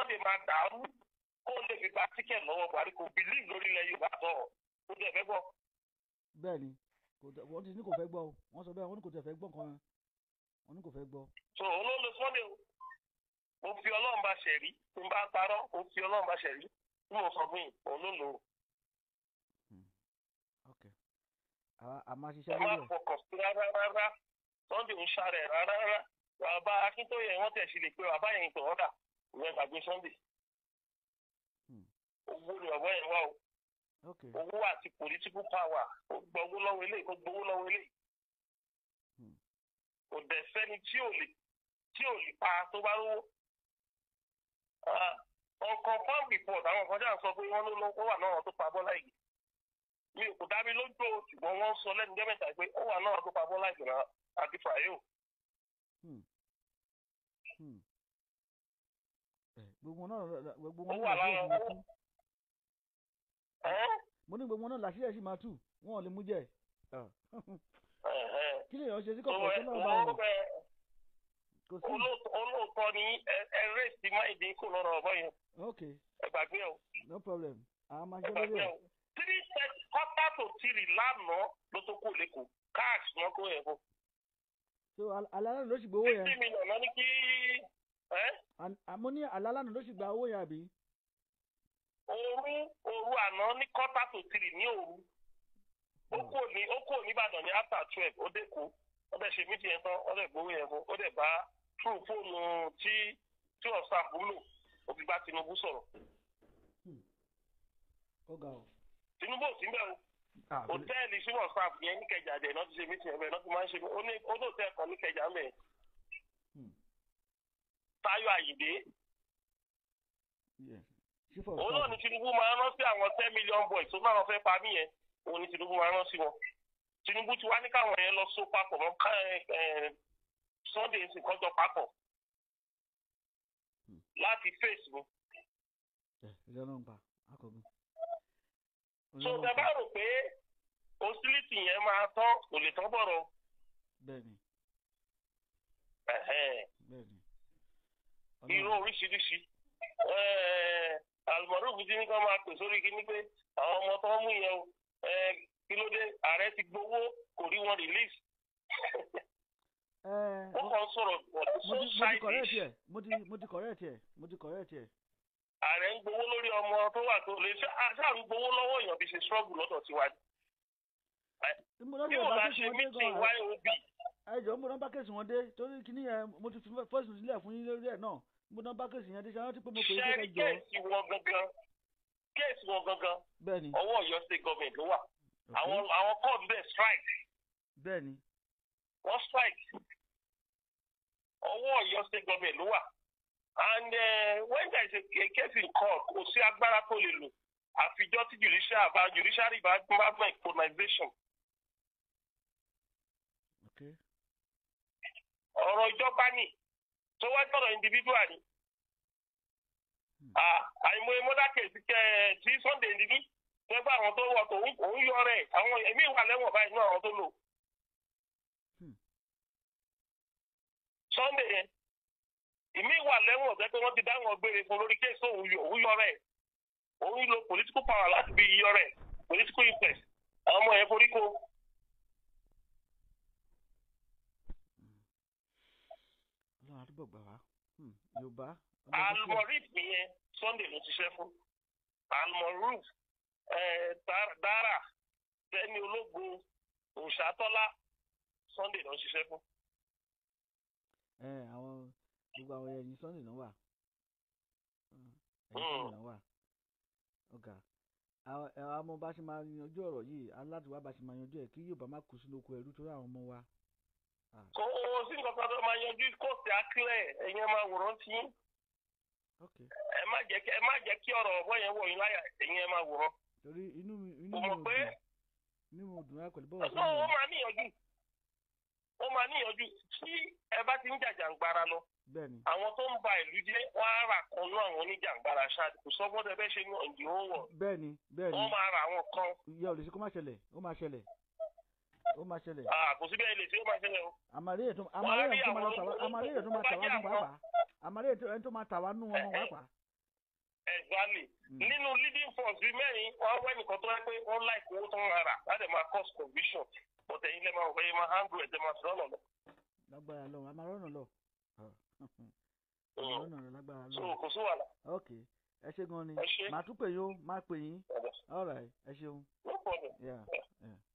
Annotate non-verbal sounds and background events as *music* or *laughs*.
kọ́ lè máa dàrú kó lè fi gba tíkẹ̀ lọ́wọ́ buhari kò believe lórílẹ̀ yorùbá sọ̀rọ̀ kó tẹ̀ fẹ́ gbọ́. bẹ́ẹ̀ni wọn ti ní kò fẹ́ gbọ́ o wọn sọ bẹ́ẹ̀ wọn ní kò tẹ̀ fẹ́ gbọ́ kan wọn ní kò fẹ́ gbọ́. so olóòlù sunday o mo fi ọlọ́run bá ṣẹ̀ rí tí bá parọ́ mo fi ọlọ́run bá ṣẹ̀ tí mo sọ fún yìí olóòlù o. a máa ṣiṣẹ́ lórí ẹ̀. ẹ fọkàn sí rárá rárá sunday ń ṣàrẹ̀ rárá rárá bàbá akíntóye wọn tẹ̀ sí lè pe bàbá yẹn ìtọ̀ ọ́dà ìyẹn gbàgbé sunday hmm. owó ni ọ̀gá yẹn wá o owó àti political power ó gba owó lọ́wọ́ eléyìí ó gbowó lọ́wọ́ eléyìí hmm. kò dẹ̀ sẹ́ni tí ò lè tí ò lè pa tó bá lówó ọkọ̀ farm report àwọn kan jáà sọ pé wọ́n ló lọ́wọ́ wà náà tó pa bọ́lá yìí mi ò kò dá mi lójú o ṣùgbọ́n wọ́n sọ lẹ́nu gẹ́mẹ̀ta pé ó wà náà tó pa bọ́lá yìí náà àti fàyè hmm gbogbo náà gbogbo wọn náà láṣẹ máa tú. mo ní gbogbo náà láṣẹ sì máa tú wọn ò lè mú jẹ. Ah. kí lè yàn ṣe sí kọ̀ọ̀kan tó náà bá wọn. olóòótọ́ ni ẹ rẹ́ẹ̀sì máa ń dín kù lọ́rọ̀ ọ̀bọ yẹn. ok ẹ gbàgbé o. no problem àwọn máa ṣe lórí ẹ. three set kọ́tà tó tìrì lánàá ló tó kó lẹ́kọ̀ọ́ káàkiri wọn kó yẹ fún. so alẹ́ náà ló ṣì gbowó yẹn. fifty million lọ ní kí àmọ́ ní àlálànà ló sì gba owó yẹn àbí. òru òru àná ní quarter to three ní òru ó hmm. kúrò ní ó kúrò ní Ìbàdàn ní after twelve ó dé kó ó dẹ̀ ṣe mítì yẹn tán ó dẹ̀ gbowó yẹn fún ó dẹ̀ bá true fóònù tí tí ọ̀sán àbúlò ó fi bá Tinubu sọ̀rọ̀. Hmm. Tinubu ò sí mbẹ́ o hòtẹ́ẹ̀lì súnmọ̀ staff yẹn ní Ìkẹjà dẹ̀ náà ti ṣe mítì yẹn bẹ́ẹ̀ náà ti máa ń ṣe ó ní ó ní hòtẹ́ẹ̀lì kan ní Ìkẹjà mẹ́ẹ̀. Táyọ̀ Àyìndé. òun náà ni Tinubu máa rán sí àwọn ten million boys tó náà lọ fẹ́ pa mí yẹn òun ni Tinubu máa rán sí wọn. Tinubu ti wá ní káwọn yẹn lọ so papọ̀ mọ́ Sunday nǹkan jọ papọ̀ hmm. láti face mi. so tẹ bá rò pé hostility yẹn máa tán kò lè tán bọ̀rọ̀. bẹ́ẹ̀ni. bẹ́ẹ̀ni irun oríṣiríṣi alùmọ̀rúfù ti ní kí wọ́n máa pè sórí kí ni pé àwọn ọmọ tó ń mú yẹn o kí ló dé ààrẹ ti gbowó kò rí wọn release. wọ́n kàn sọ̀rọ̀ ọ̀dọ́ ṣáìdì. mo ti correct ẹ̀ mo ti correct ẹ̀. ààrẹ ń gbowó lórí ọmọ tó wà tó lè ṣáà ń gbowó lọ́wọ́ èèyàn fi ṣe struggle lọ́dọ̀ tiwa. bí wọ́n bá ṣe meeting yob. ẹ jọ̀ọ́ mo rán bá wọn dé torí kí ni mo ti fi fọ́ọ̀sì sílẹ̀ fún yín lórí ẹ̀ náà mo dán bá kéèsì yẹn dé ṣe àwọn tí pé mo pè é kéèké jọ. ṣe kéèsì wọn gangan kéèsì wọn gangan ọwọ́ ọ̀yọ́ state government ló wà àwọn àwọn court bẹ́ẹ̀ strike. bẹ́ẹ̀ni. wọ́n strike ọwọ́ ọ̀yọ́ state government ló wà and uh, when there is a case in court kò sí agbára tó lè lò àfijọ́ tí judicial bá judiciary bá bá mọ̀ colonization. ọ̀rọ̀ ìjọba ni tó wá gbọ́dọ̀ individual ni àìmọ̀ mọ́dà kèsì kẹ sí Sunday níbí nígbà àwọn tó wọ̀ tó ń yọ rẹ̀ àwọn èmi wà lẹ́wọ̀n báyìí ní àwọn tó lò hmm. Sunday yẹn èmi wà lẹ́wọ̀n ọ̀sẹ̀ pé wọ́n ti dáhùn ọgbẹ́rẹ́ fún lórí kéésì òun yọ rẹ̀ òun lo political power láti fi yọ rẹ̀ political interest àwọn ọmọ yẹn forí ko. ọlọ́run àdúgbò gbà wá hmm, yorùbá. almorif yẹn sunday ló ṣiṣẹ́ fún almorif dara tẹni ológo òṣàtọ́lá sunday ló ṣiṣẹ́ fún. ẹ àwọn gbogbo àwọn ẹyin sunday náà wà hmm, ẹyin hmm. sunday náà wà ọgá àwọn ọmọ bá ṣe máa yanjú ọ̀rọ̀ yìí aláàtúwá bá ṣe máa yanjú ẹ̀ kí yorùbá má kú sínú oko ẹ̀rú torí àwọn ọmọ wa. Ah. kò ó sì ń kọ́kọ́ tó máa yanjú kóòsì àkílẹ̀ ẹ̀yin máa wòrán tí ẹ má jẹ́ kí ẹ má jẹ́ kí ọ̀rọ̀ ọ̀bọ yẹn wọ̀ yín láyà ẹ̀yin máa wòrán. torí inú mi inú mi ò dùn inú mi ò dùn láì pẹ̀lú bọ́ọ̀ sí ó máa níyànjú ó máa níyànjú tí ẹ bá ti ń jàjàǹgbara lọ àwọn tó ń ba ìlú jẹ́ wọ́n á rà kan náà àwọn oníjàǹgbara ṣáàdì kò sọ gbọ́dọ̀ bẹ́ẹ̀ ṣe ní ọ̀dì ó wọ̀. bẹ́ẹ̀ni bẹ́ẹ̀ni wọ́n máa ra àwọn kan. ìyá olùsí kó má ṣẹlẹ̀ ó má ṣẹlẹ̀ ó máa ṣẹlẹ̀. kò sí bẹ́ẹ̀ lè ṣe ó máa ṣẹlẹ̀ o. àmàlẹ́ ètò àmàlẹ́ ètò máa tàwa àmàlẹ́ ètò máa tàwa nù pàápàá àmàlẹ́ ètò ètò máa tàwa nù ọmọ pàápàá. exactly nínú leading force bíi mẹ́rin wọ́n wá ẹnìkan tó yẹ pé wọ́n láì kówó tó ń rà láti máa cause confusion but ẹ̀yin lè máa wọ̀ ẹ̀yin máa handle ẹ̀ tẹ́ máa fi rọ́nà lọ. lágbára lọ a máa rọ́nà lọ. Hmm. *laughs* rọ́nà lọ lágbára lọ. so kò sí wàhálà. ok ẹ ṣe gan ni màá tún pè yín ó máa pè yín. all right ẹ ṣeun. no problem. Yeah. Yeah.